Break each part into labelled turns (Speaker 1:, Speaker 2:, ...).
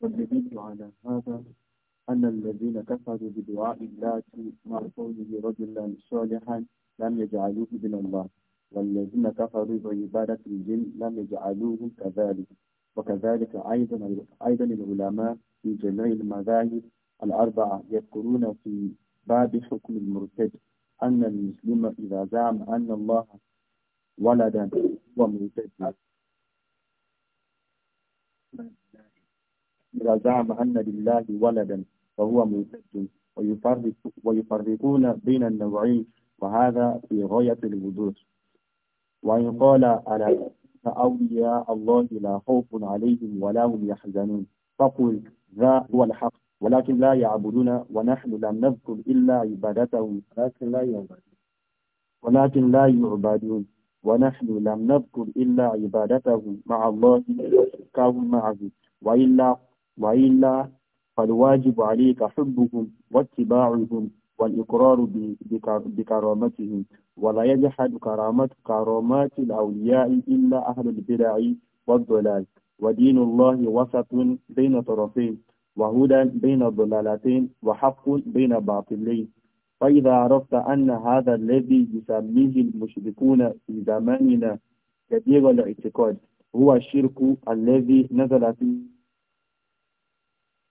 Speaker 1: والدليل على هذا أن الذين كفروا بدعاء الله مع قوله رجلا صالحا لم يجعلوه من الله والذين كفروا بعبادة الجن لم يجعلوه كذلك وكذلك أيضا أيضا العلماء في جميع المذاهب الأربعة يذكرون في باب حكم المرتد أن المسلم إذا زعم أن الله ولدا ومنتجا إذا زعم أن لله ولدا فهو منتج ويفرق ويفرقون بين النوعين وهذا في غاية الوضوح وإن قال على أولياء الله لا خوف عليهم ولا هم يحزنون فقل ذا هو الحق ولكن لا يعبدون ونحن لم نذكر إلا عبادتهم ولكن لا يعبدون ولكن لا يعبدون ونحن لم نذكر إلا عبادته مع الله وشركه معه وإلا, وإلا فالواجب عليك حبهم واتباعهم والإقرار بكرامتهم ولا يجحد كرامات, كرامات الأولياء إلا أهل البدع والضلال ودين الله وسط بين طرفين وهدى بين الضلالتين وحق بين باطلين فإذا عرفت أن هذا الذي يسميه المشركون في زماننا كبير الاعتقاد هو الشرك الذي نزل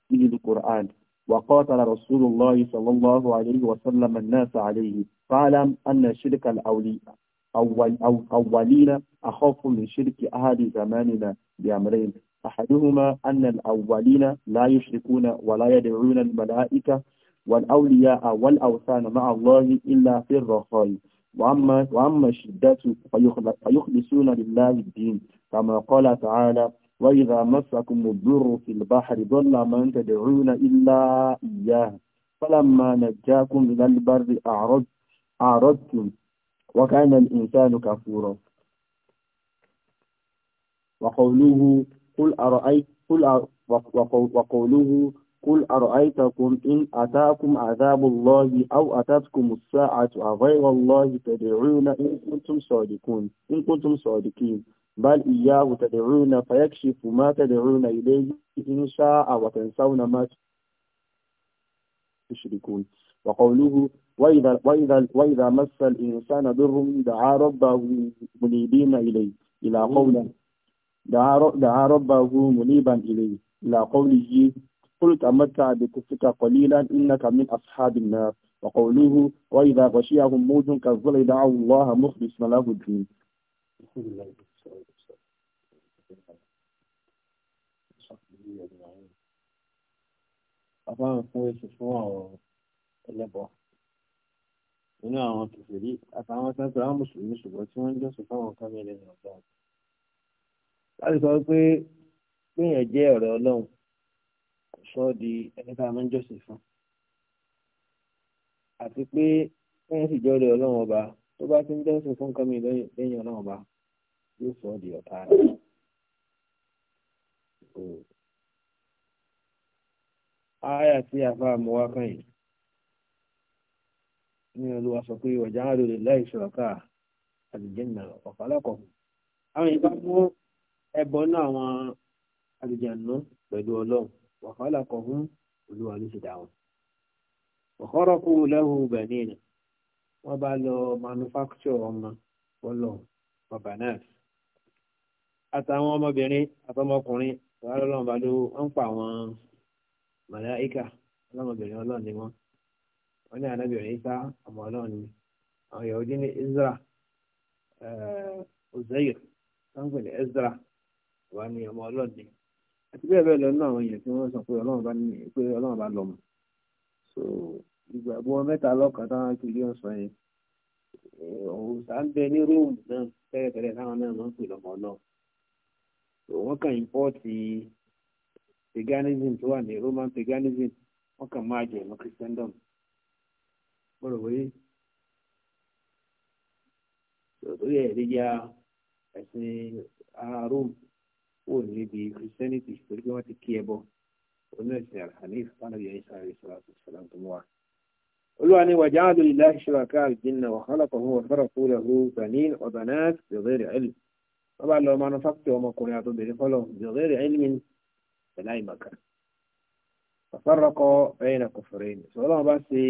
Speaker 1: فيه القرآن وقاتل رسول الله صلى الله عليه وسلم الناس عليه فاعلم أن شرك الأولياء أول أو أولين أخاف من شرك أهل زماننا بأمرين أحدهما أن الأولين لا يشركون ولا يدعون الملائكة والأولياء والأوثان مع الله إلا في الرخاء وأما, وأما الشدة فيخلصون لله الدين كما قال تعالى وإذا مسكم الضر في البحر ضل من تدعون إلا إياه فلما نجاكم من البر أعرضتم وكان الإنسان كفورا وقوله قل أرأيت قل وقوله قل أرأيتكم إن أتاكم عذاب الله أو أتتكم الساعة أغير الله تدعون إن كنتم صادقون إن كنتم صادقين بل إياه تدعون فيكشف ما تدعون إليه إن شاء وتنسون ما تشركون وقوله وإذا, وإذا, وإذا مس الإنسان ضر دعا ربه منيبين إليه إلى قوله دعا, دعا ربه منيبا إليه إلى قوله قل تمتع بكفرك قليلا إنك من أصحاب النار وقوله وإذا غشيهم موج كالظل دعوا الله مخلص له الدين Àbáwọn fún èsì fún àwọn ẹlẹ́bọ̀. Inú àwọn kìfèrí àtàwọn tẹ́tẹ́ àwọn Mùsùlùmí ṣùgbọ́n tí wọ́n ń jọ́sùn fáwọn kámẹ́lẹ̀ ní ọ̀dọ́. Láti sọ pé gbìyànjẹ́ ọ̀rẹ́ Ọlọ́run sọ di ẹni tá a máa ń jọ́sìn fún àti pé ẹ̀yìn sì jọ́ rẹ̀ ọlọ́run ọba tó bá ti ń jọ́sìn fún nǹkan mi lẹ́yìn ọlọ́run ọba yóò sọ di ọ̀tá rẹ̀ ááyà tí àfa àmúwá kan yìí ní olúwa sọ pé ọjà ń lòlẹ̀ láì ṣọ̀ọ́ká àlùjẹ́nà ọ̀pálákọ̀ àwọn ìbá mú ẹbọ náà àwọn àlùjànnú pẹ̀lú ọlọ́run wàhálà kọ̀ fún olúwa ló ṣe dá wọn. ọ̀kọ́rọ̀ kú lẹ́hu benin wọ́n bá lọ manufacture ọmọ bọ́lọ̀ babanas àtàwọn ọmọbìnrin àtọmọkùnrin wàá lọ́lọ́run bá ló ń pa àwọn màláìkà ọlọ́mọbìnrin ọlọ́run ni wọ́n wọ́n ní anábìnrin isa ọmọ ọlọ́run ni àwọn yahudi ní Ezra eh, Uzair sango ní Ezra wà ní ọmọ ọlọ́run ni àti bẹ́ẹ̀ bẹ́ẹ̀ lọ́nà àwọn èèyàn tí wọ́n sọ pé ọlọ́run bá nìyẹn pé ọlọ́run bá lọ́mọ so ìgbàgbọ́ mẹ́ta lọ́kàn táwọn kiri ọ̀sán yẹn òòsà ń bẹ ní róòmù náà tẹ́lẹ̀tẹ́lẹ̀ táwọn náà máa ń pè lọ́mọ náà so wọ́n kàn ìmpọ́ọ̀tì paganism tó wà ní roman paganism wọ́n kàn máa jẹ̀ mọ́ christendom bọ́rọ̀ wọ́yé torí ẹ̀ lè ya ẹ̀sìn ara róòmù kó níbi christianity torí pé wọ́n ti kí ẹ bọ́ onú ẹ̀sìn alhanif fanabi ayisa alayisalaatu salam tó mú wa. olúwa ni wàjà àdó ilé aṣọra káàl jìnnà wàhálà kan wọn fẹ́rẹ̀ kó lè hu benin ọ̀bẹ̀nẹ́t jọ̀bẹ̀rẹ̀ ẹ̀lì wọ́n bá lọ manufacture ọmọkùnrin àtọ́bìnrin fọlọ́ jọ̀bẹ̀rẹ̀ ẹ̀lì mi pẹ̀lá ìmọ̀kan. ọ̀fẹ́rọ̀kọ ẹ̀yìn àkọfẹ́rẹ́ ni sọ́lá wọn bá ṣe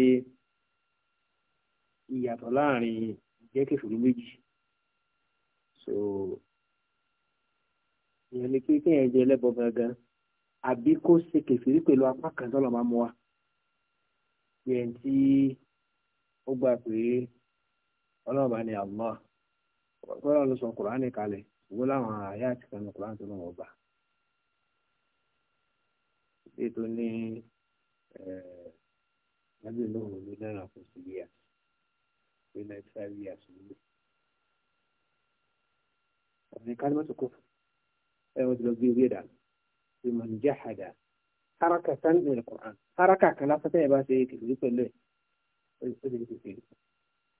Speaker 1: ìyàtọ̀ láàrin jẹ́kẹ̀fẹ̀ so ìyẹn ni pé kéèyàn jẹ ẹlẹ́bọ gangan àbí kó ṣe kẹfìrí pẹ̀lú apá kan tó lọ́ọ́ máa mú wa yẹn tí ó gbà pé ọlọ́ọ̀bá ni Allah ọlọ́ọ̀ ló sọ kùránì kalẹ̀ ìwó láwọn àyà àti kanu kùránì tó lọ́wọ́ bá ètò ní ẹ̀ẹ́dẹ́gbẹ̀rún eh, lóhùn ní náírà fún sílíà pé ninety five years ló lò. ọ̀sìn kálímọ́tò kò fún ẹ̀wọ̀n ti lọ gbé orí ẹ̀dá ìmọ̀n jáhàdá haraka kan ní alukur'an haraka kan lásán tẹ́yẹ̀ bá ṣe kìkìrì pẹ̀lú ẹ̀ ó ti kìkìrì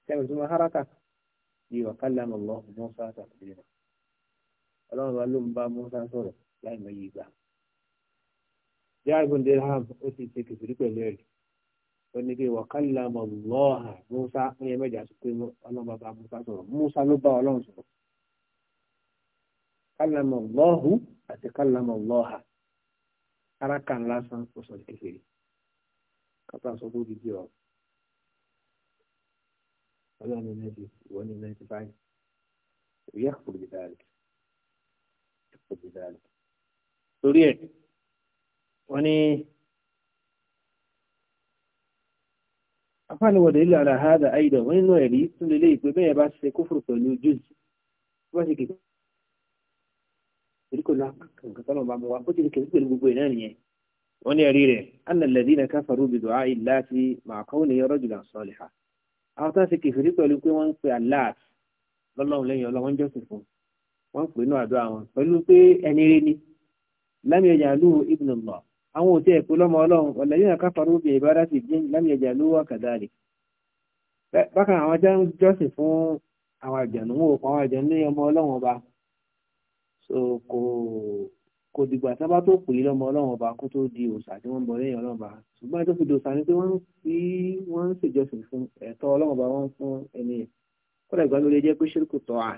Speaker 1: sẹ́yìn tó máa haraka yìí wà kálàmù allah musa tàbílẹ̀ ọlọ́run bá ló ń bá musa sọ̀rọ̀ láì mọ iye gbà jáà ibùn dirham ó ti ṣe kìkìrì pẹ̀lú ẹ̀ ó ní kí wà kálàmù allah musa ó kálámà lọ́hù àti kálámà lọ́hà ara kan lásán kò sọ kékeré kápá sọ fún gidi ọ ọlọ́run ní ninety ìwọ ní ninety five ìyá kò bí dáàlì kò bí dáàlì torí ẹ wọn ní. afáàní wọ̀dẹ̀ ilẹ̀ àlàáhádà àìdọ̀ nínú ẹ̀rí tún lélẹ́yìí pé bẹ́ẹ̀ bá ṣe kófòrò pẹ̀lú jùz bá ṣe kékeré torí kò lọ́wọ́ kankan tọ́lọ́ bá mu wa bó tilẹ̀ kẹ́kẹ́ pẹ̀lú gbogbo ẹ̀ náà nìyẹn wọ́n ní ẹ̀rí rẹ̀ anna alladhina kafaru bi du'a'i Allahi ma'a kawnihi rajulan salihan àwọn tó ń ṣe kẹfìrí pẹ̀lú pé wọ́n ń pe Allah lọ́lọ́run lẹ́yìn ọlọ́wọ́n jọ́sìn fún wọ́n ń pè ní àdúrà wọn pẹ̀lú pé ẹni rí ni lam yajaluhu ibnullah so kò kò dìgbà sábà tó pè é lọ́mọ ọlọ́run ọba kó tó di òòṣà tí wọ́n ń bọ lẹ́yìn ọlọ́run ọba ṣùgbọ́n tó fi di òòṣà ni pé wọ́n fi wọ́n ń ṣèjọsìn fún ẹ̀tọ́ ọlọ́run ọba wọn fún ẹni yẹn kódà ìgbà ló lè jẹ́ pé ṣírkù tọ́ à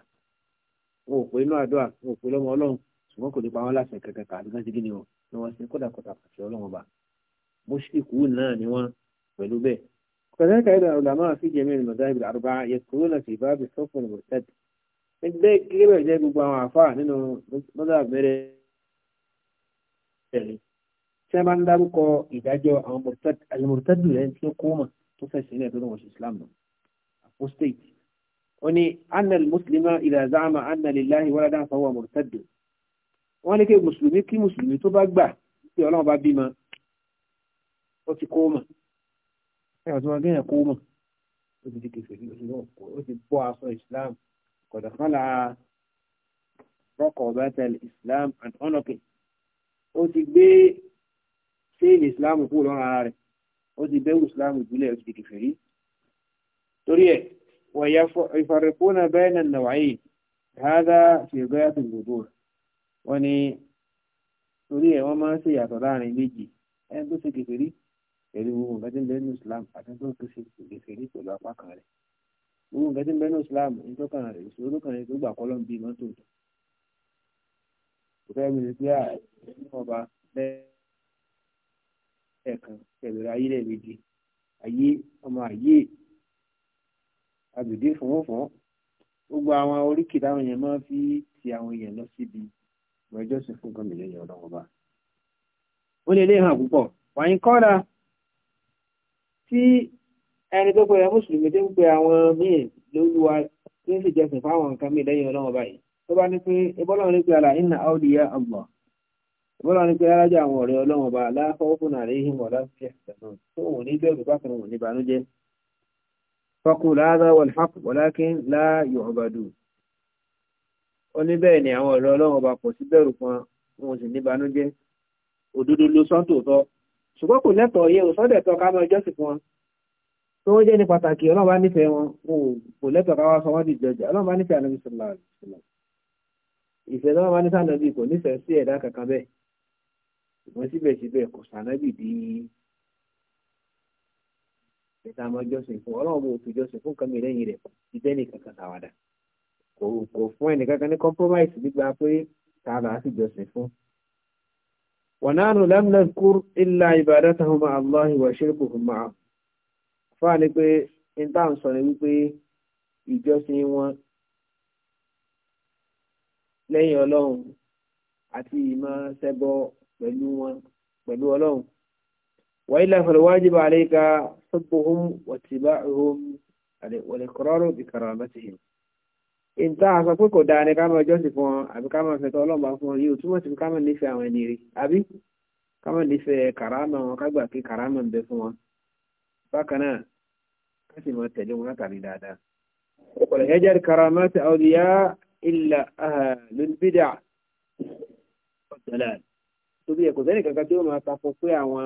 Speaker 1: wọn ò pè inú àdúrà wọn ò pè lọ́mọ ọlọ́run ṣùgbọ́n kò ní pa wọn láṣẹ kẹ̀kẹ́ kà àdúgbò ti gíní wọn ni wọ́n ṣe kódà kọ̀tà pàṣẹ ọlọ́run ọba mọ́ṣíkù náà ni wọ́n pẹ̀lú bẹ́ẹ̀ kọ̀tà kẹ́kẹ́ ìdàrúdàmọ́ àfíjẹmí ìmọ̀dá ìbìlà àrùbá yẹ kúrò náà sì bá bí sọ́kùnrin ẹgbẹ́ gẹ́gẹ́ bẹ̀rẹ̀ jẹ́ gbogbo àwọn àfáà nínú lọ́dọ̀ àbẹ̀rẹ̀ ẹ̀rí tí wọ́n bá ń dárúkọ ìdájọ́ àwọn alimọ̀tẹ́dù rẹ̀ tí ó kó mọ̀ tó fẹ́ sílẹ̀ tó lọ́wọ́ sí Islam lọ apostate wọ́n ní anna muslima idha za'ama anna lillahi waladan fa huwa murtaddu wọ́n ní kí mùsùlùmí kí mùsùlùmí tó bá gbà pé ọlọ́run bá bímọ ó ti kó mọ̀ ẹ̀rọ tí wọ́n gẹ́yìn kó mọ̀ ó ti di kẹfẹ́ ó ti bọ́ aṣọ Islam قد خلع رقبة الإسلام عن عنقه ó ti gbé séèlì ìsìláàmù kúrò lọ́rùn ara rẹ̀ ó ti bẹ́wù ìsìláàmù ìbílẹ̀ ó ti di kèfèrí torí ẹ̀ wọ̀nyá ìfarẹ̀kúnà bẹ́ẹ̀ nà nàwáyé hádà fìgbáyà tó gbogbo wọn ni torí ẹ̀ wọ́n máa ń ṣe ìyàtọ̀ láàrin méjì ẹni tó ṣe kèfèrí pẹ̀lú gbogbo nǹkan tó ń bẹ́ẹ̀ ní ìsìláàmù àti tó ń ṣe kèfèrí pẹ̀lú apá kan rẹ̀ gbogbo nǹkan tí ń bẹ ní islam ní tó kàn rẹ̀ ìṣòro kan rẹ̀ tó gbà kọ́ lọ́n bí mọ́tò tó kò fẹ́ mi lè pé ọba bẹ́ẹ̀ kan kẹ̀lẹ́rẹ́ ayé rẹ̀ méjì ayé ọmọ ayé àgbèdè fọ̀nfọ̀n gbogbo àwọn oríkì táwọn èèyàn máa fi ti àwọn èèyàn lọ síbi ìwẹ́jọ́ sí fún nǹkan mìíràn yẹn ọlọ́wọ́ bá ó lè lè hàn púpọ̀ wàyí kọ́ra tí ẹni tó pẹ̀lú mùsùlùmí tó ń pe àwọn míì lóluwa tó ń sì jẹsìn fáwọn nǹkan míì lẹ́yìn ọlọ́run báyìí tó bá ní pé ìbọ́lọ́run ní pé àlà ìnà áùdíyà Allah ìbọ́lọ́run ní pé alájà àwọn ọ̀rẹ́ ọlọ́run bá aláfọwọ́ fún àrẹ ìhìn wọ̀lá fíẹ̀sì náà tó wọ́n ní bẹ́ẹ̀ هذا والحق ولكن لا يعبدون oní bẹ́ẹ̀ ni àwọn ọ̀rẹ́ ọlọ́run ọba pọ̀ sí bẹ̀rù kan wọn sì níbanújẹ́ òdodo ló sọ́n tòótọ́ ṣùgbọ́n kò lẹ́tọ̀ọ́ yẹ òsọ́dẹ̀tọ́ ká mọ ẹjọ́ sì fún wọn tó wọ́n jẹ́ ní pàtàkì ọlọ́run bá nífẹ̀ẹ́ wọn kò lẹ́tọ̀ọ́ káwá sọ wọ́n dìjọ jà ọlọ́run bá nífẹ̀ẹ́ ànábì sọlá ìfẹ́ ọlọ́run bá nífẹ̀ẹ́ ànábì kò nífẹ̀ẹ́ sí ẹ̀dá kankan bẹ́ẹ̀ ṣùgbọ́n síbẹ̀síbẹ̀ kò sànábì bí ìta ọmọ jọ́sìn fún ọlọ́run bó fi jọ́sìn fún kàmí lẹ́yìn rẹ̀ ìjẹ́ nìkan kan sàwádà kò fún ẹnìkan kan ní compromise gbígbà pé tààlà á sì jọ́sìn fún ونحن لم نذكر إلا عبادتهم مع الله وشركهم معه fáwọn ni pé ní tá à ń sọ ni wípé ìjọsìn wọn lẹ́yìn ọlọ́run àti ìmọ̀ ṣẹbọ pẹ̀lú wọn pẹ̀lú ọlọ́run wàyí lẹ́fọ̀lù wájibà àlẹ́ka sọ́bùhùn wọ̀tìbá òhun wọ̀lẹ̀kọ́rọ́rù bìkàràmẹ́tìhìn ìta àsọ pé kò dáa ni ká máa jọ́sìn fún wọn àbí ká máa fẹ̀tọ́ ọlọ́mọba fún wọn yóò túmọ̀ sí ká máa nífẹ̀ẹ́ àwọn ẹni rí àbí ká máa nífẹ̀ẹ́ kàrámà wọn ká gbà pé kàrámà ń bẹ fún wọn bákan náà ká sì máa tẹ̀lé wọn látàrí dáadáa. ọ̀pọ̀lọ̀ yẹn jẹ́ karamati awliya illa ahlul bid'a ọ̀dọ́là torí ẹ̀kọ́ sẹ́ni kankan tí ó máa tako pé àwọn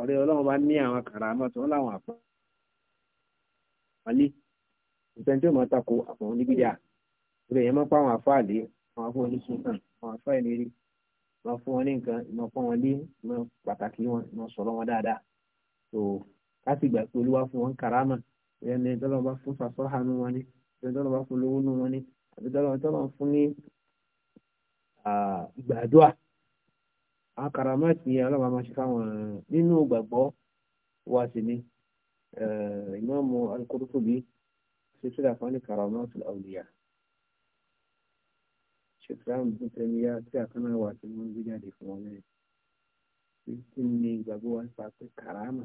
Speaker 1: ọ̀rẹ́ ọlọ́run bá ní àwọn karamati wọn láwọn àpá wálé ìtàn tí ó máa tako àwọn oníbídà torí ẹ̀yẹ́ máa pa àwọn àfáà lé àwọn afọ́ oníṣúná àwọn àfáà ìlérí máa fún wọn ní nǹkan ìmọ̀ fún wọn lé ìmọ̀ pàtàkì wọn ìmọ̀ sọ̀rọ̀ wọn dáadáa láti ìgbà pé olúwa fún wọn karama bóyá ní ẹjọ́ lọ́wọ́ bá fún fàṣọ́hà nù wọn ni ẹjọ́ lọ́wọ́ bá fún lówó nù wọn ni àbí ẹjọ́ lọ́wọ́ fún ní ìgbàdúà àwọn karama ti yẹn ọlọ́wọ́ máa ṣe fáwọn nínú gbàgbọ́ wa sí ni ìmáàmù al-Qurtubi ṣe tí àfọ́n ní karamatul awliya ṣe tí àwọn ìpínlẹ̀ tí àkànnà wà tí wọ́n gbé jáde fún wọn lẹ́yìn kí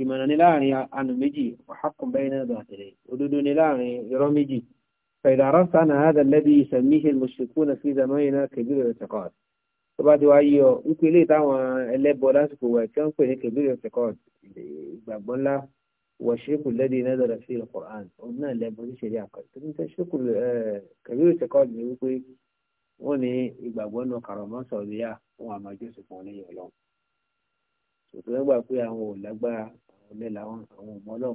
Speaker 1: ìmọ̀nà ni láàrin ànà méjì ọ̀hákùn bẹ́ẹ̀ náà bàtẹ̀lẹ̀ òdodo ni láàrin irọ́ méjì فإذا عرفت أن هذا الذي يسميه المشركون في زماننا كبير الاعتقاد tó bá ti wá yí ọ wípé ilé táwọn ẹlẹ́bọ lásìkò wà tí wọ́n pè ní kẹbílẹ̀ ṣẹ̀kọ́d ìgbàgbọ́ ńlá wọ̀ ṣékù lẹ́dí iná dọ̀dọ̀ sí ìlọ̀kọ̀rán òun náà lẹ́bọ ní ṣẹlẹ̀ àkọ́jọ́ tó ń tẹ́ ọlẹ́ làwọn àwọn ọmọ náà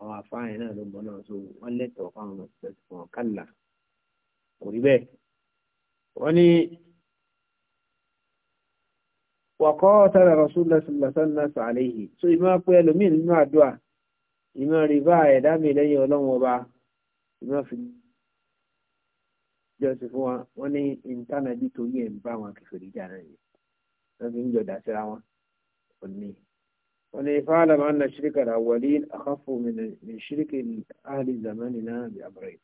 Speaker 1: àwọn afáàyàn náà ló mọ náà so wọ́n lẹ́tọ̀ọ́ fáwọn ọ̀sẹ̀ wọn kálà kò rí bẹ́ẹ̀. wọ́n ní wàkọ́ tara rasulillah sallallahu alaihi wa sallam so ìmọ̀ pé ẹlòmíì nínú àdúrà ìmọ̀ rí bá ẹ̀dá mi lẹ́yìn ọlọ́run ọba ìmọ̀ fi jọ́sìn fún wa wọ́n ní ìntánẹ́ẹ̀tì torí ẹ̀ ń bá wọn kẹfẹ́ jà náà yìí wọ́n fi ń jọ dà síra wọn òní wani fa'alam anna shirka al-awwalin akhafu min min shirki ahli zamanina bi amrayn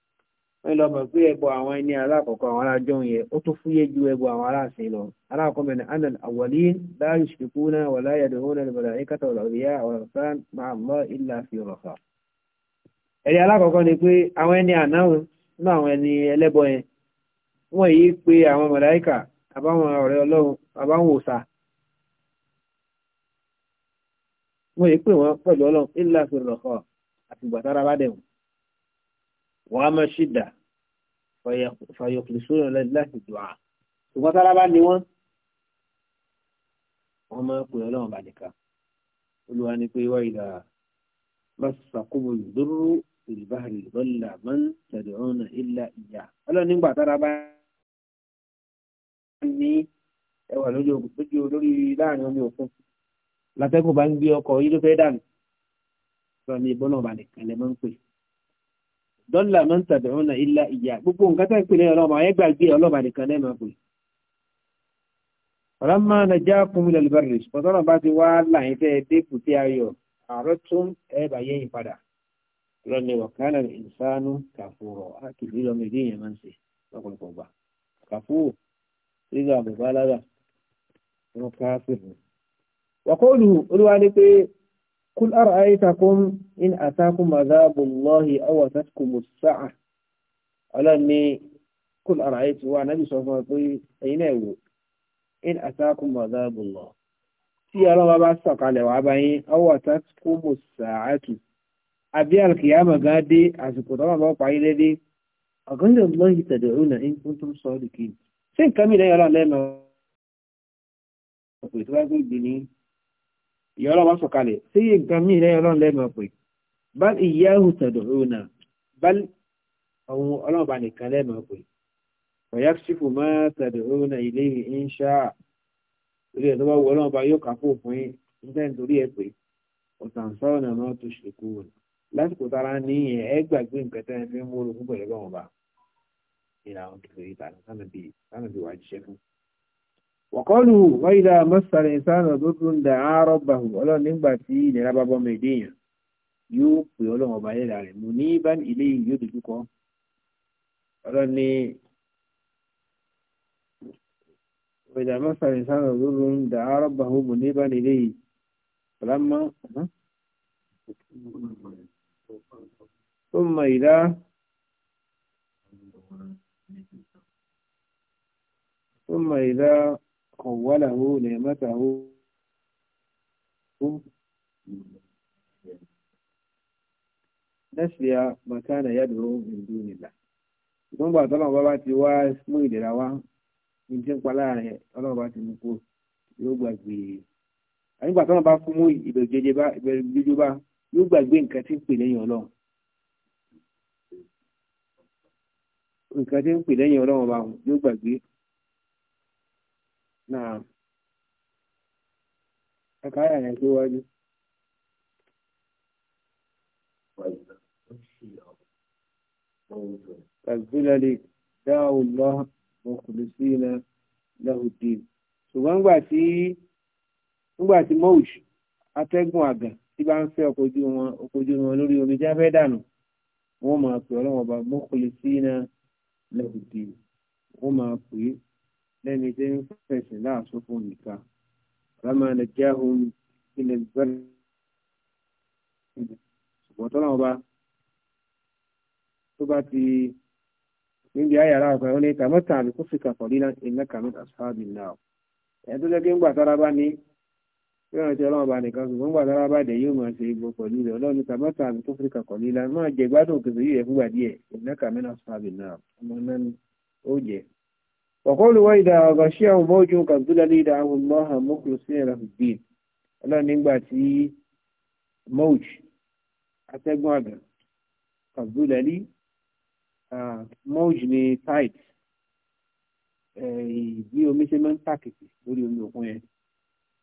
Speaker 1: wọ́n lọ mọ̀ pé ẹbọ àwọn ẹni alákọ̀ọ́kọ́ àwọn alájọ́ yẹn ó tó fúyẹ́ ju ẹbọ àwọn aláàsìn lọ alákọ̀ọ́kọ́ ní anna al-awwalin la yushrikuna wa la yad'una al-mala'ikata wal-awliya' wal-awthan ma'a Allah illa fi rakhā ẹ̀rí alákọ̀ọ́kọ́ ni pé àwọn ẹni ànáwó náà àwọn ẹni ẹlẹ́bọ yẹn wọ́n yìí pé àwọn màláíkà àbáwọn ọ̀rẹ́ ọlọ́run àbáwọn òòṣà wọn yìí pè wọn pẹ̀lú ọlọ́run ilà fi rọ̀kọ̀ àti gbàtara bá dẹ̀wọ̀n wọn a máa ṣì dà fàyọkùlù sórí ọ̀lẹ́ láti dùn à ṣùgbọ́n tára bá ní wọn wọn máa pè ọlọ́run bá nìkan olùwà ni pé wáyé là masakumu dúró ìlbáhàrì lọ́là máa ń tẹ̀lé ọ̀nà ilà ìyá ọlọ́run nígbà tára bá ní ẹwà lójú olórí láàrin omi òkun látẹ́kùn bá ń gbé ọkọ̀ yìí ló fẹ́ dànù sọ ní ìbọn náà balẹ̀ kan lẹ́ máa ń pè. dọ́là máa ń tàbí ọ̀nà ilá ìyá gbogbo nǹkan tẹ́ ń pè lẹ́yìn ọlọ́mọ ayé gbàgbé ọlọ́mọ balẹ̀ kan lẹ́ máa pè. ọ̀làmà nàjà fún mi lẹ́lẹ́ bẹ̀rẹ̀ pọ̀tọ́nà bá ti wá láyé tẹ́ dé kùtì ayọ̀ àárọ̀ tún wàkọ́ọ̀lù olúwa ní pé kúl ara àìsàkún in àtàkùn mazabu lọ́hì awà sàtìkù mùsáà ọlọ́run ní kúl ara àìsù wa náà sọ fún pé ẹ̀yin náà wò in àtàkùn mazabu lọ tí ọlọ́run bá sọ̀kalẹ̀ wà báyìí awà sàtìkù mùsáà tù àbí alkiyama gan dé àsìkò tó wọn bá parí lédè ọ̀gọ́ndọ̀ lọ́hì tẹ̀dẹ̀ òun náà in kuntum sọ́ọ̀dù kí ṣé nǹkan mi lẹ́yìn ọlọ́run lẹ́nu ọ̀pọ̀ ìtura gbé ìyá ọlọ́wọ́ sọ̀kalẹ̀ sí nǹkan mí lẹ́yìn ọlọ́run lẹ́mọ̀ pé bal ìyáhù tẹ̀dọ̀rọ̀nà bal ohun ọlọ́ọ̀bá nìkan lẹ́mọ̀ pé ọ̀yá sífù má tẹ̀dọ̀rọ̀nà ilé ìṣá orí ẹ̀ tó bá wọ ọlọ́ọ̀bá yóò kà fún òfin níta nítorí ẹ pé ọ̀tàn sọ́ọ̀nà náà tó ṣe kú wọn lásìkò tára ní ẹ gbàgbé nǹkan tẹ́ ẹ fi ń múlò fún pẹ̀lú ọlọ́ọ̀bá ìlànà kìlọ̀ ìtàn sánàbí wàá jíṣẹ́ fún wọ̀kọ́lù wáyídá mọ́sàlẹ̀ ìsáànà tó tún dà áárọ̀ bàhù ọlọ́run nígbà tí ìnira bá bọ́mọ èdè èèyàn yóò pè ọlọ́run ọba ilẹ̀ rẹ̀ mú ní bá ilé yìí yóò dojú kọ ọlọ́run ní wáyídá mọ́sàlẹ̀ ìsáànà tó dà ثم إذا قوله نعمته نسي ما كان يدعو من دون الله ثم بعد الله بابا تيوا مو يدرا وا من تين قلا رẹ Ọlọ́run bá ti mú kó yóò gbàgbé àyìn gbà tọ́lọ́ bá fún mú ìbẹ̀rù jẹjẹ bá ìbẹ̀rù jẹjẹ bá yóò gbàgbé nǹkan tí ń pè lẹ́yìn Ọlọ́run nǹkan tí ń pè lẹ́yìn Ọlọ́run bá yóò gbàgbé náà ẹ̀ka ayà yẹn tó wájú. Kàzílẹ̀ lè dá ọlọ́ ọkùnrin sí ilẹ̀ lẹ́hùdí. Ṣùgbọ́n nígbà tí nígbà tí Mọ́ùsù atẹ́gùn àgàn tí bá ń fẹ́ ọkọ̀ ojú wọn ọkọ̀ ojú wọn lórí omi já fẹ́ dànù wọ́n máa pè ọlọ́wọ́n ọba mọ́kùnrin sí ilẹ̀ lẹ́hùdí. Wọ́n máa pè é lẹ́ni tí ń fẹ̀sẹ̀ láàsọ́fò nìkan ọ̀làmà nàìjíríàhùn ilẹ̀ bẹ́rẹ̀ ṣùgbọ́n tọ́lá ọba tó bá ti níbi ayàrá ọ̀pẹ ó ní kàmọ́tà àlùkò sí kàpọ̀ líla iná kàmọ́tà sáàbì náà ẹ̀ tó jẹ́ pé ńgbà tára bá ní bí wọ́n ti ọlọ́run ọba nìkan ṣùgbọ́n ńgbà tára bá dẹ̀ yóò máa ṣe ibo pẹ̀lú rẹ̀ ọlọ́run ní kàmọ́tà àlùkò sí kàpọ̀ líla máa jẹ gbádùn òkèèrè yìí rẹ̀ fúngbà díẹ̀ iná kàmọ́tà sáàbì náà ọmọ náà ó jẹ́ وقوله وإذا غشيهم موج كالظلل دعوا الله مخلصين له الدين ọlọ́run nígbà tí moj atẹ́gùn àgbà kàbúlẹ̀lì moj ni tide bí omi ṣe máa ń tàkìtì lórí omi òkun yẹn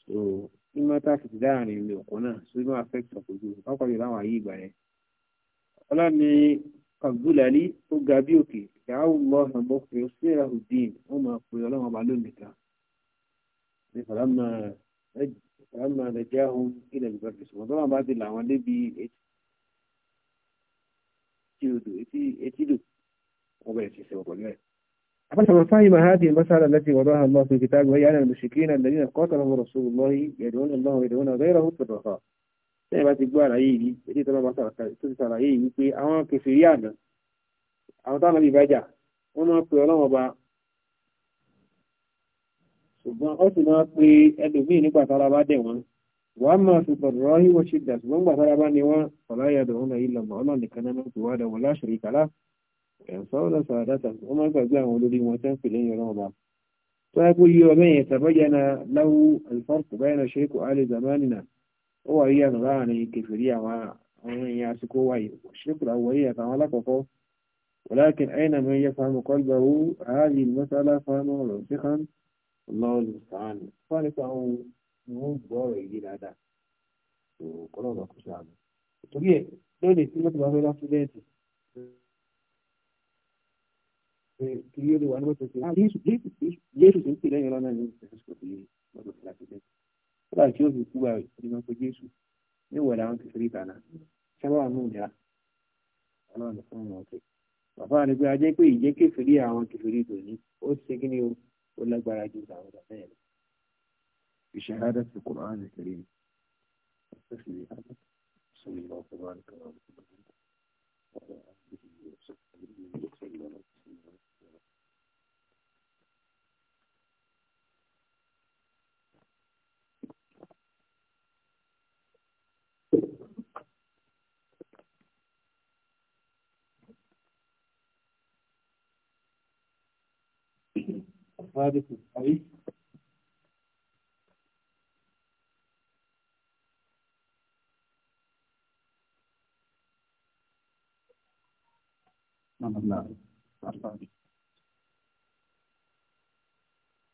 Speaker 1: so ní máa tàkìtì láàrin omi òkun náà so ní máa affect ọ̀pọ̀ ọkọ̀ yìí láwọn àyè ìgbà yẹn ọlọ́run ni kàgbúlàlí ó ga bí òkè yàáwó lọ ọ̀sánbọ̀ pé ó sí ẹ̀hùn dín wọ́n máa pè ọlọ́run ọba lónìí kan ní fàlámà fàlámà nàìjíríà home ilẹ̀ ìbẹ̀rẹ̀ ṣùgbọ́n tó wọn bá ti làwọn débi etí odò bẹ̀rẹ̀ sí ìṣẹ̀wọ̀ pẹ̀lú ẹ̀. أبشر فهم هذه المسألة التي وضعها الله في كتابه وهي أن المشركين الذين قتلهم رسول الله يدعون الله ويدعون غيره في الرخاء sẹ́yìn bá ti gbọ́ àlàyé yìí èdè tó bá tó ti sàlàyé yìí pé àwọn kẹfìrí àná àwọn táwọn bí bájà wọ́n máa pe ọlọ́run ọba ṣùgbọ́n ó sì máa pe ẹlòmíì nígbà tára bá dẹ̀ wọ́n wà á máa fi bọ̀dọ̀ rọ́ híwọ́ ṣe dà ṣùgbọ́n gbà tára bá ní wọ́n ọ̀láyà dọ̀ wọn lẹ́yìn lọ́mọ ọlọ́run nìkan náà ti wá dẹ̀wọ̀n láṣìírí kálá ẹ̀sọ́ ó wà yíyà nù láàrin kẹfìrí àwọn èèyàn àsìkò wáyé ṣékùrà wọ̀nyí àtàwọn alákọ̀ọ́kọ́ ولكن أينما يفهم قلبه هذه المسألة فهما راسخا الله المستعان fánífà òun ni wọ́n gbọ́ ọ̀rọ̀ yìí dáadáa kọ́lọ́ ọ̀rọ̀ kò ṣàmì torí ẹ̀ lónìí tí wọ́n ti máa fẹ́ lásìdẹ́ǹtì kiri yóò lè wà ní wọ́n sí mọ́tò kódà tí ó fi kú báyìí ni wọ́n pe jésù níwọ̀ làwọn ti fi rí tànà sábà nù ìdá ọlọ́run fún wọn ọ̀tẹ̀ bàbá rẹ̀ pé a jẹ́ pé ìjẹ́ kẹfìrí àwọn kẹfìrí tòní ó ṣe kí ni ó lágbára ju àwọn ọ̀dà náà lọ. ìṣàhádà ti kùrọ̀ ànìkiri ọ̀sẹ̀ sì rí àbọ̀ sórí ọ̀pọ̀ wọn kọ́ ọ̀pọ̀ الصادق الصحيح نعم الله